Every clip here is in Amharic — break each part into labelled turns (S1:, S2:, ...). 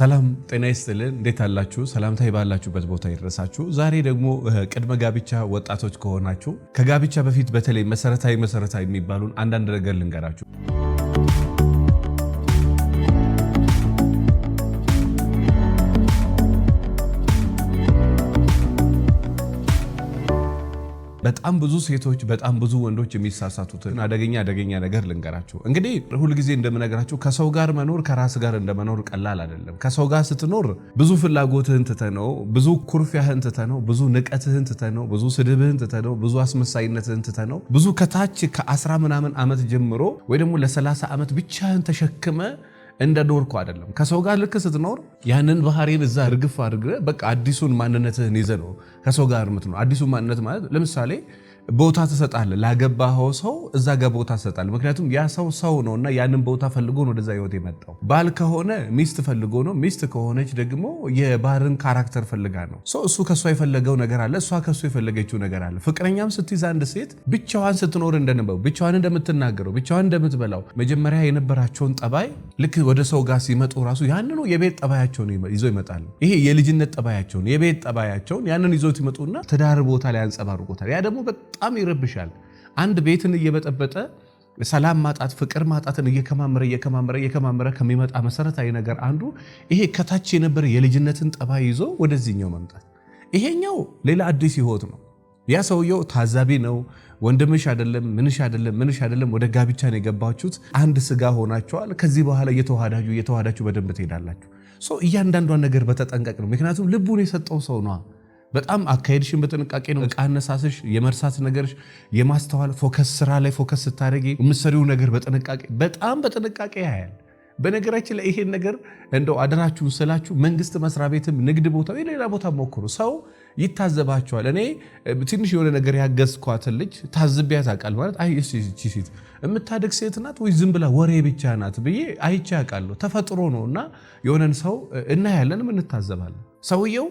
S1: ሰላም ጤና ይስጥልን። እንዴት አላችሁ? ሰላምታ ባላችሁበት ቦታ ይድረሳችሁ። ዛሬ ደግሞ ቅድመ ጋብቻ ወጣቶች ከሆናችሁ ከጋብቻ በፊት በተለይ መሰረታዊ መሰረታዊ የሚባሉን አንዳንድ ነገር ልንገራችሁ። በጣም ብዙ ሴቶች በጣም ብዙ ወንዶች የሚሳሳቱትን አደገኛ አደገኛ ነገር ልንገራችሁ። እንግዲህ ሁልጊዜ እንደምነግራችሁ ከሰው ጋር መኖር ከራስ ጋር እንደመኖር ቀላል አይደለም። ከሰው ጋር ስትኖር ብዙ ፍላጎትህን ትተነው፣ ብዙ ኩርፊያህን ትተነው፣ ብዙ ንቀትህን ትተነው፣ ብዙ ስድብህን ትተነው፣ ብዙ አስመሳይነትህን ትተነው፣ ብዙ ከታች ከአስራ ምናምን ዓመት ጀምሮ ወይ ደግሞ ለሰላሳ ዓመት ብቻህን ተሸክመ እንደ ኖርኩ አይደለም። ከሰው ጋር ልክ ስትኖር ያንን ባህሪን እዛ እርግፍ አድርገህ በቃ አዲሱን ማንነትህን ይዘህ ነው ከሰው ጋር ምትኖር። አዲሱን ማንነት ማለት ለምሳሌ ቦታ ትሰጣለ ላገባኸው ሰው እዛ ጋር ቦታ ትሰጣለህ። ምክንያቱም ያ ሰው ሰው ነው እና ያንን ቦታ ፈልጎ ነው ወደዛ ህይወት የመጣው። ባል ከሆነ ሚስት ፈልጎ ነው። ሚስት ከሆነች ደግሞ የባህርን ካራክተር ፈልጋ ነው። እሱ ከእሷ የፈለገው ነገር አለ፣ እሷ ከእሱ የፈለገችው ነገር አለ። ፍቅረኛም ስትይዝ አንድ ሴት ብቻዋን ስትኖር እንደነበረው ብቻዋን እንደምትናገረው ብቻዋን እንደምትበላው መጀመሪያ የነበራቸውን ጠባይ ልክ ወደ ሰው ጋር ሲመጡ ራሱ ያንኑ የቤት ጠባያቸውን ይዞ ይመጣሉ። ይሄ የልጅነት ጠባያቸውን የቤት ጠባያቸውን ያንን ይዞት ይመጡና ትዳር ቦታ ላይ ያንጸባርቆታል። ያ ደግሞ በጣም ይረብሻል። አንድ ቤትን እየበጠበጠ ሰላም ማጣት ፍቅር ማጣትን እየከማመረ እየከማመረ እየከማመረ ከሚመጣ መሰረታዊ ነገር አንዱ ይሄ ከታች የነበረ የልጅነትን ጠባይ ይዞ ወደዚህኛው መምጣት። ይሄኛው ሌላ አዲስ ህይወት ነው። ያ ሰውየው ታዛቢ ነው። ወንድምሽ አይደለም ምንሽ አይደለም ምንሽ አይደለም። ወደ ጋብቻን የገባችሁት አንድ ስጋ ሆናችኋል። ከዚህ በኋላ እየተዋሃዳችሁ እየተዋዳችሁ በደንብ ትሄዳላችሁ። እያንዳንዷን ነገር በተጠንቀቅ ነው። ምክንያቱም ልቡን የሰጠው ሰው ነዋ። በጣም አካሄድሽን በጥንቃቄ ነው። ቃነሳስሽ የመርሳት ነገርሽ፣ የማስተዋል ፎከስ፣ ስራ ላይ ፎከስ ስታደርጊ የምትሰሪው ነገር በጥንቃቄ በጣም በጥንቃቄ ያያል። በነገራችን ላይ ይሄን ነገር እንደው አደራችሁን ስላችሁ መንግስት መስሪያ ቤትም፣ ንግድ ቦታ፣ ሌላ ቦታ ሞክሩ። ሰው ይታዘባቸዋል። እኔ ትንሽ የሆነ ነገር ያገዝኳትን ልጅ ታዝቢያት አውቃለሁ። ማለት አይ ሴት የምታደግ ሴት ናት ወይ ዝም ብላ ወሬ ብቻ ናት ብዬ አይቼ አውቃለሁ። ተፈጥሮ ነው እና የሆነን ሰው እናያለን፣ እንታዘባለን። ሰውየው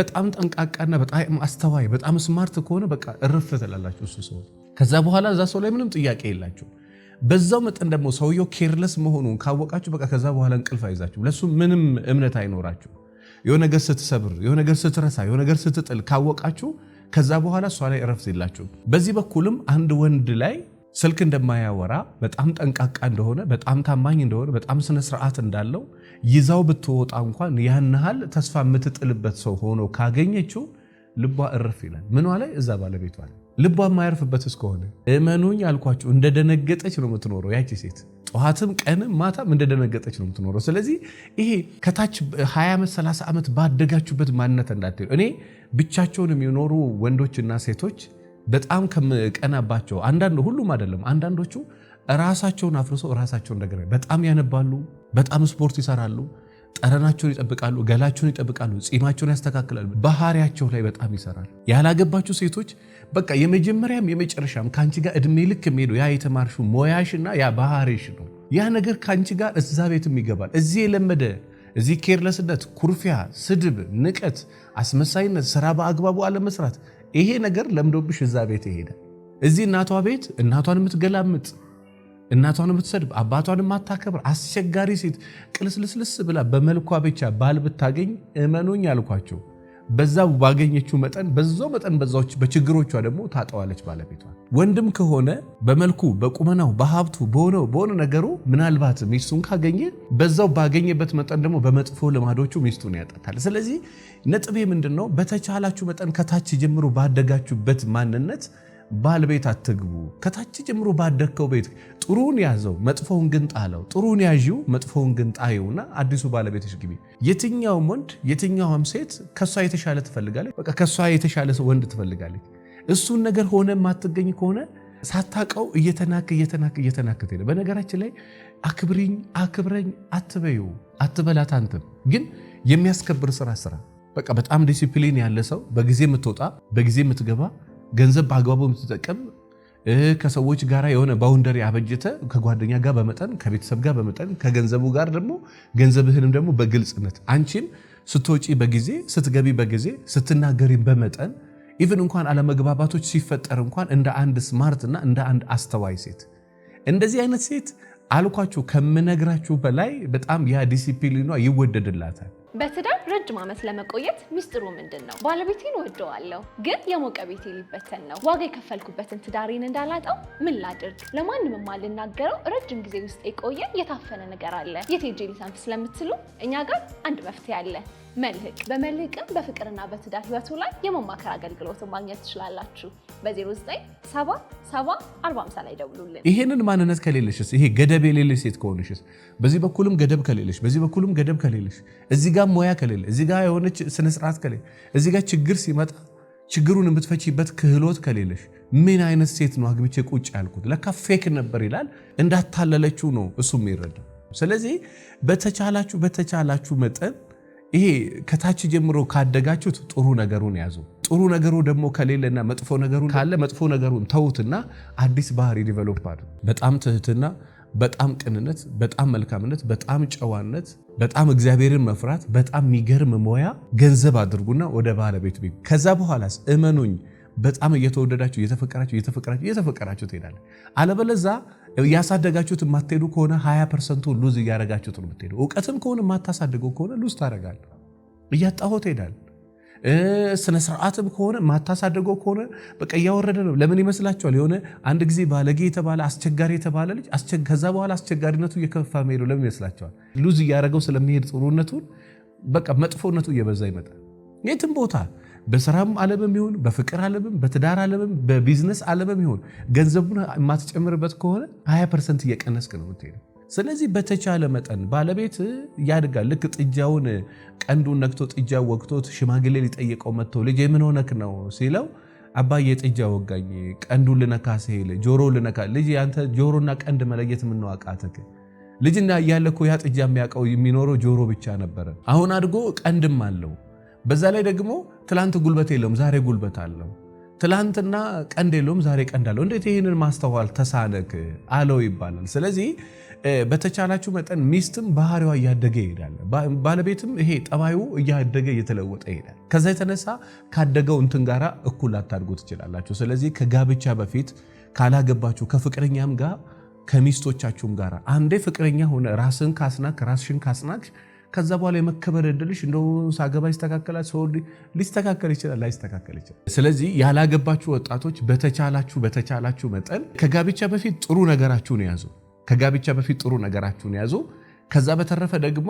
S1: በጣም ጠንቃቃና በጣም አስተዋይ በጣም ስማርት ከሆነ በቃ እርፍ ትላላችሁ እሱ ሰው። ከዛ በኋላ እዛ ሰው ላይ ምንም ጥያቄ የላችሁ። በዛው መጠን ደግሞ ሰውየው ኬርለስ መሆኑን ካወቃችሁ በቃ ከዛ በኋላ እንቅልፍ አይዛችሁ፣ ለሱ ምንም እምነት አይኖራችሁ። የሆነ ነገር ስትሰብር፣ የሆነ ነገር ስትረሳ፣ የሆነ ነገር ስትጥል ካወቃችሁ ከዛ በኋላ እሷ ላይ እረፍት የላችሁ። በዚህ በኩልም አንድ ወንድ ላይ ስልክ እንደማያወራ በጣም ጠንቃቃ እንደሆነ በጣም ታማኝ እንደሆነ በጣም ስነ ስርዓት እንዳለው ይዛው ብትወጣ እንኳን ያን ያህል ተስፋ የምትጥልበት ሰው ሆኖ ካገኘችው ልቧ እርፍ ይላል። ምኗ ላይ? እዛ ባለቤቷ ልቧ የማያርፍበት እስከሆነ እመኑኝ አልኳችሁ፣ እንደደነገጠች ነው የምትኖረው ያቺ ሴት። ጠዋትም ቀንም ማታም እንደደነገጠች ነው የምትኖረው። ስለዚህ ይሄ ከታች 20 ዓመት 30 ዓመት ባደጋችሁበት ማንነት እንዳትሉ። እኔ ብቻቸውን የሚኖሩ ወንዶችና ሴቶች በጣም ከምቀናባቸው አንዳንዱ ሁሉም አይደለም፣ አንዳንዶቹ ራሳቸውን አፍርሶ ራሳቸው እንደገና በጣም ያነባሉ፣ በጣም ስፖርት ይሰራሉ፣ ጠረናቸውን ይጠብቃሉ፣ ገላቸውን ይጠብቃሉ፣ ጺማቸውን ያስተካክላሉ። ባህሪያቸው ላይ በጣም ይሰራል። ያላገባችሁ ሴቶች በቃ የመጀመሪያም የመጨረሻም ከአንቺ ጋር እድሜ ልክ የሚሄዱ ያ የተማርሽው ሞያሽና ያ ባህሪሽ ነው። ያ ነገር ከአንቺ ጋር እዛ ቤትም ይገባል። እዚህ የለመደ እዚህ ኬርለስነት፣ ኩርፊያ፣ ስድብ፣ ንቀት፣ አስመሳይነት፣ ስራ በአግባቡ አለመስራት ይሄ ነገር ለምዶብሽ እዛ ቤት ይሄደ። እዚህ እናቷ ቤት እናቷን የምትገላምጥ እናቷን የምትሰድብ አባቷን የማታከብር አስቸጋሪ ሴት ቅልስልስልስ ብላ በመልኳ ብቻ ባል ብታገኝ እመኑኝ አልኳቸው። በዛ ባገኘችው መጠን በዛው መጠን በዛዎች በችግሮቿ ደግሞ ታጠዋለች ባለቤቷ። ወንድም ከሆነ በመልኩ በቁመናው በሀብቱ በሆነው በሆነ ነገሩ ምናልባት ሚስቱን ካገኘ በዛው ባገኘበት መጠን ደግሞ በመጥፎ ልማዶቹ ሚስቱን ያጣታል። ስለዚህ ነጥቤ ምንድን ነው? በተቻላችሁ መጠን ከታች ጀምሮ ባደጋችሁበት ማንነት ባል ቤት አትግቡ። ከታች ጀምሮ ባደግከው ቤት ጥሩን ያዘው፣ መጥፎውን ግን ጣለው። ጥሩን ያዢው፣ መጥፎውን ግን ጣየውና አዲሱ ባለቤትሽ ግቢ። የትኛውም ወንድ የትኛውም ሴት ከሷ የተሻለ ትፈልጋለች። በቃ ከሷ የተሻለ ወንድ ትፈልጋለች። እሱን ነገር ሆነ ማትገኝ ከሆነ ሳታቀው እየተናክ እየተናክ እየተናክ ትሄደ። በነገራችን ላይ አክብሪኝ አክብረኝ አትበዩ አትበላት። አንተም ግን የሚያስከብር ስራ ስራ። በቃ በጣም ዲሲፕሊን ያለ ሰው፣ በጊዜ የምትወጣ በጊዜ የምትገባ ገንዘብ በአግባቡ የምትጠቀም ከሰዎች ጋር የሆነ ባውንደሪ አበጀተ ከጓደኛ ጋር በመጠን ከቤተሰብ ጋር በመጠን ከገንዘቡ ጋር ደግሞ ገንዘብህንም ደግሞ በግልጽነት አንቺም ስትወጪ በጊዜ ስትገቢ በጊዜ ስትናገሪ በመጠን ኢቨን እንኳን አለመግባባቶች ሲፈጠር እንኳን እንደ አንድ ስማርትና እንደ አንድ አስተዋይ ሴት እንደዚህ አይነት ሴት አልኳችሁ ከምነግራችሁ በላይ በጣም ያ ዲሲፕሊኗ ይወደድላታል።
S2: በትዳር ረጅም ዓመት ለመቆየት ሚስጥሩ ምንድን ነው? ባለቤቴን ወደዋለሁ፣ ግን የሞቀ ቤቴ ሊበተን ነው። ዋጋ የከፈልኩበትን ትዳሬን እንዳላጣው ምን ላድርግ? ለማንም የማልናገረው ረጅም ጊዜ ውስጥ የቆየ የታፈነ ነገር አለ። የቴጄ ስለምትሉ እኛ ጋር አንድ መፍትሄ አለ። መልህቅ በመልህቅም በፍቅርና በትዳር ህይወቱ ላይ የመማከር አገልግሎትን ማግኘት ትችላላችሁ። በ0977 450 ላይ ደውሉልን።
S1: ይሄንን ማንነት ከሌለሽስ፣ ይሄ ገደብ የሌለሽ ሴት ከሆነሽስ፣ በዚህ በኩልም ገደብ ከሌለሽ፣ በዚህ በኩልም ገደብ ከሌለሽ፣ እዚህ ጋር ሙያ ከሌለ፣ እዚህ ጋር የሆነች ስነስርዓት ከሌለ፣ እዚህ ጋር ችግር ሲመጣ ችግሩን የምትፈቺበት ክህሎት ከሌለሽ ምን አይነት ሴት ነው አግብቼ ቁጭ ያልኩት? ለካ ፌክ ነበር ይላል። እንዳታለለችው ነው እሱም ይረዳው። ስለዚህ በተቻላችሁ በተቻላችሁ መጠን ይሄ ከታች ጀምሮ ካደጋችሁት ጥሩ ነገሩን ያዙ። ጥሩ ነገሩ ደግሞ ከሌለና መጥፎ ነገሩ ካለ መጥፎ ነገሩን ተዉትና አዲስ ባህሪ ዲቨሎፕ አድ በጣም ትህትና፣ በጣም ቅንነት፣ በጣም መልካምነት፣ በጣም ጨዋነት፣ በጣም እግዚአብሔርን መፍራት፣ በጣም የሚገርም ሞያ ገንዘብ አድርጉና ወደ ባለቤት ቤት ከዛ በኋላስ እመኑኝ በጣም እየተወደዳችሁ እየተፈቀራችሁ እየተፈቀራችሁ እየተፈቀራችሁ ትሄዳለ አለበለዛ እያሳደጋችሁት የማትሄዱ ከሆነ 20 ፐርሰንቱ ሉዝ እያደረጋችሁት ነው የምትሄዱ። እውቀትም ከሆነ የማታሳድገው ከሆነ ሉዝ ታደረጋል፣ እያጣሆ ትሄዳል። ስነ ስርዓትም ከሆነ ማታሳደገው ከሆነ በቃ እያወረደ ነው። ለምን ይመስላችኋል? የሆነ አንድ ጊዜ ባለጌ የተባለ አስቸጋሪ የተባለ ልጅ ከዛ በኋላ አስቸጋሪነቱ እየከፋ መሄዱ ለምን ይመስላችኋል? ሉዝ እያደረገው ስለሚሄድ ጥሩነቱን በቃ መጥፎነቱ እየበዛ ይመጣል የትም ቦታ በስራም ዓለምም ይሁን በፍቅር ዓለምም በትዳር ዓለምም በቢዝነስ ዓለምም ይሁን ገንዘቡን የማትጨምርበት ከሆነ 20 ፐርሰንት እየቀነስክ ነው የምትሄደው። ስለዚህ በተቻለ መጠን ባለቤት ያድጋል። ልክ ጥጃውን ቀንዱን ነክቶ ጥጃ ወግቶት ሽማግሌ ሊጠየቀው መጥቶ ልጅ የምን ሆነክ ነው ሲለው አባዬ ጥጃ ወጋኝ፣ ቀንዱን ልነካ ሲሄል ጆሮ ልነካ ልጅ ያንተ ጆሮና ቀንድ መለየት የምንዋቃትክ ልጅና እያለ እኮ ያ ጥጃ የሚያውቀው የሚኖረው ጆሮ ብቻ ነበረ። አሁን አድጎ ቀንድም አለው። በዛ ላይ ደግሞ ትላንት ጉልበት የለውም፣ ዛሬ ጉልበት አለው። ትላንትና ቀንድ የለውም፣ ዛሬ ቀንድ አለው። እንዴት ይህንን ማስተዋል ተሳነክ አለው ይባላል። ስለዚህ በተቻላችሁ መጠን ሚስትም ባህሪዋ እያደገ ይሄዳል። ባለቤትም ይሄ ጠባዩ እያደገ እየተለወጠ ይሄዳል። ከዛ የተነሳ ካደገው እንትን ጋራ እኩል ላታድጉ ትችላላችሁ። ስለዚህ ከጋብቻ በፊት ካላገባችሁ ከፍቅረኛም ጋር ከሚስቶቻችሁም ጋር አንዴ ፍቅረኛ ሆነ ራስን ካስናክ ራስሽን ካስናክ ከዛ በኋላ የመከበር እድልሽ እንደ ሳገባ ይስተካከላል፣ ሰው ሊስተካከል ይችላል፣ ላይስተካከል ይችላል። ስለዚህ ያላገባችሁ ወጣቶች በተቻላችሁ በተቻላችሁ መጠን ከጋብቻ በፊት ጥሩ ነገራችሁን ያዙ። ከጋብቻ በፊት ጥሩ ነገራችሁን ያዙ። ከዛ በተረፈ ደግሞ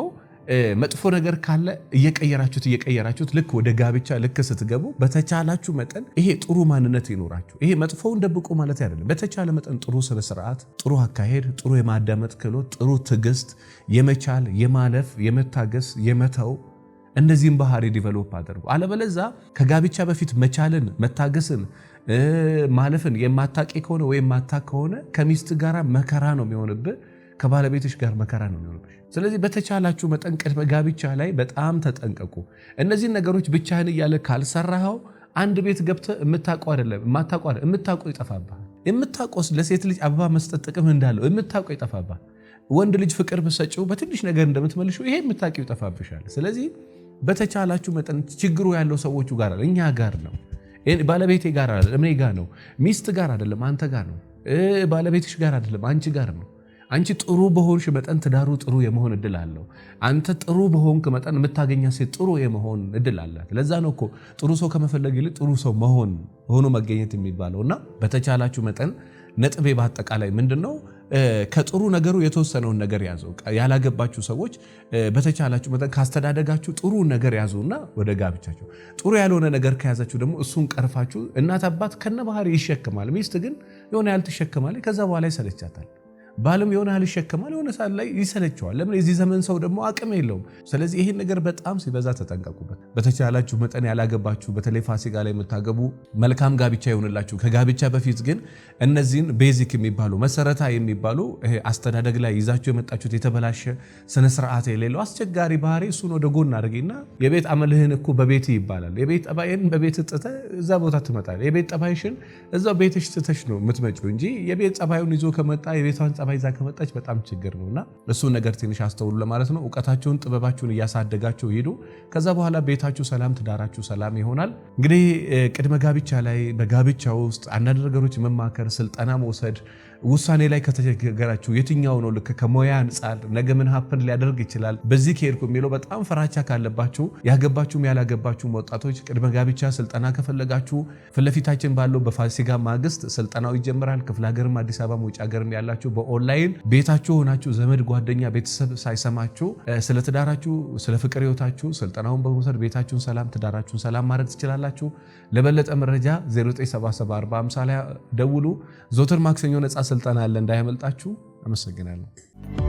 S1: መጥፎ ነገር ካለ እየቀየራችሁት እየቀየራችሁት ልክ ወደ ጋብቻ ልክ ስትገቡ በተቻላችሁ መጠን ይሄ ጥሩ ማንነት ይኖራችሁ። ይሄ መጥፎውን ደብቆ ማለት አይደለም። በተቻለ መጠን ጥሩ ስነ ጥሩ አካሄድ፣ ጥሩ የማዳመጥ ክህሎት፣ ጥሩ ትዕግስት፣ የመቻል የማለፍ፣ የመታገስ፣ የመተው እነዚህም ባህሪ ዲቨሎፕ አድርጉ። አለበለዛ ከጋብቻ በፊት መቻልን፣ መታገስን፣ ማለፍን የማታቂ ከሆነ ወይም ማታ ከሆነ ከሚስት ጋር መከራ ነው የሚሆንብህ። ከባለቤቶች ጋር መከራ ነው የሚሆንብሽ። ስለዚህ በተቻላችሁ መጠን ቅድመ ጋብቻ ላይ በጣም ተጠንቀቁ። እነዚህን ነገሮች ብቻህን እያለ ካልሰራኸው አንድ ቤት ገብተህ የምታውቀው አይደለም የማታውቀው የምታውቀው ይጠፋብሃል። የምታውቀው ለሴት ልጅ አበባ መስጠት ጥቅም እንዳለው የምታውቀው ይጠፋብሃል። ወንድ ልጅ ፍቅር ብትሰጪው በትንሽ ነገር እንደምትመልሺው ይሄ የምታውቂው ይጠፋብሻል። ስለዚህ በተቻላችሁ መጠን ችግሩ ያለው ሰዎቹ ጋር አለ እኛ ጋር ነው፣ ባለቤቴ ጋር አለ እኔ ጋር ነው፣ ሚስት ጋር አይደለም፣ አንተ ጋር ነው፣ ባለቤትሽ ጋር አይደለም፣ አንቺ ጋር ነው። አንቺ ጥሩ በሆንሽ መጠን ትዳሩ ጥሩ የመሆን እድል አለው። አንተ ጥሩ በሆንክ መጠን የምታገኛ ሴት ጥሩ የመሆን እድል አላት። ለዛ ነው እኮ ጥሩ ሰው ከመፈለግ ይልቅ ጥሩ ሰው መሆን ሆኖ መገኘት የሚባለው እና በተቻላችሁ መጠን ነጥቤ በአጠቃላይ ምንድን ነው? ከጥሩ ነገሩ የተወሰነውን ነገር ያዙ። ያላገባችሁ ሰዎች በተቻላችሁ መጠን ካስተዳደጋችሁ ጥሩ ነገር ያዙና ወደ ጋብቻችሁ። ጥሩ ያልሆነ ነገር ከያዛችሁ ደግሞ እሱን ቀርፋችሁ እናት አባት ከነ ባህሪ ይሸክማል። ሚስት ግን የሆነ ያልትሸክማል። ከዛ በኋላ ይሰለቻታል። ባልም የሆነ ያህል ይሸከማል፣ የሆነ ሰዓት ላይ ይሰለቸዋል። ለምን የዚህ ዘመን ሰው ደግሞ አቅም የለውም። ስለዚህ ይህን ነገር በጣም ሲበዛ ተጠንቀቁበት። በተቻላችሁ መጠን ያላገባችሁ፣ በተለይ ፋሲካ ላይ የምታገቡ መልካም ጋብቻ ይሆንላችሁ። ከጋብቻ በፊት ግን እነዚህን ቤዚክ የሚባሉ መሰረታ የሚባሉ አስተዳደግ ላይ ይዛችሁ የመጣችሁት የተበላሸ ስነስርዓት የሌለው አስቸጋሪ ባህሪ እሱን ወደ ጎን አድርጊና የቤት አመልህን እኮ በቤት ይባላል። የቤት ጠባይን በቤት ጥተ እዛ ቦታ ትመጣል። የቤት ጠባይሽን እዛው ቤትሽ ትተሽ ነው የምትመጪው እንጂ የቤት ጠባዩን ይዞ ከመጣ የቤቷን ጸባይ ይዛ ከመጣች በጣም ችግር ነው እና እሱን ነገር ትንሽ አስተውሉ ለማለት ነው። እውቀታቸውን ጥበባቸውን እያሳደጋቸው ሂዱ። ከዛ በኋላ ቤታችሁ ሰላም፣ ትዳራችሁ ሰላም ይሆናል። እንግዲህ ቅድመ ጋብቻ ላይ በጋብቻ ውስጥ አንዳንድ ነገሮች መማከር፣ ስልጠና መውሰድ ውሳኔ ላይ ከተቸገራችሁ የትኛው ነው ልክ ከሞያ አንጻር ነገ ምን ሀፕን ሊያደርግ ይችላል በዚህ ከሄድኩ የሚለው በጣም ፍራቻ ካለባችሁ ያገባችሁም ያላገባችሁም ወጣቶች ቅድመ ጋብቻ ስልጠና ከፈለጋችሁ ፊትለፊታችን ባለው በፋሲጋ ማግስት ስልጠናው ይጀምራል። ክፍለ ሀገርም አዲስ አበባ ውጭ ሀገርም ያላችሁ በኦንላይን ቤታችሁ ሆናችሁ ዘመድ ጓደኛ ቤተሰብ ሳይሰማችሁ ስለ ትዳራችሁ ስለ ፍቅር ህይወታችሁ ስልጠናውን በመውሰድ ቤታችሁን ሰላም ትዳራችሁን ሰላም ማድረግ ትችላላችሁ። ለበለጠ መረጃ 0974 ደውሉ። ዞትር ማክሰኞ ነጻ ስልጠና አለ፣ እንዳይመልጣችሁ። አመሰግናለሁ።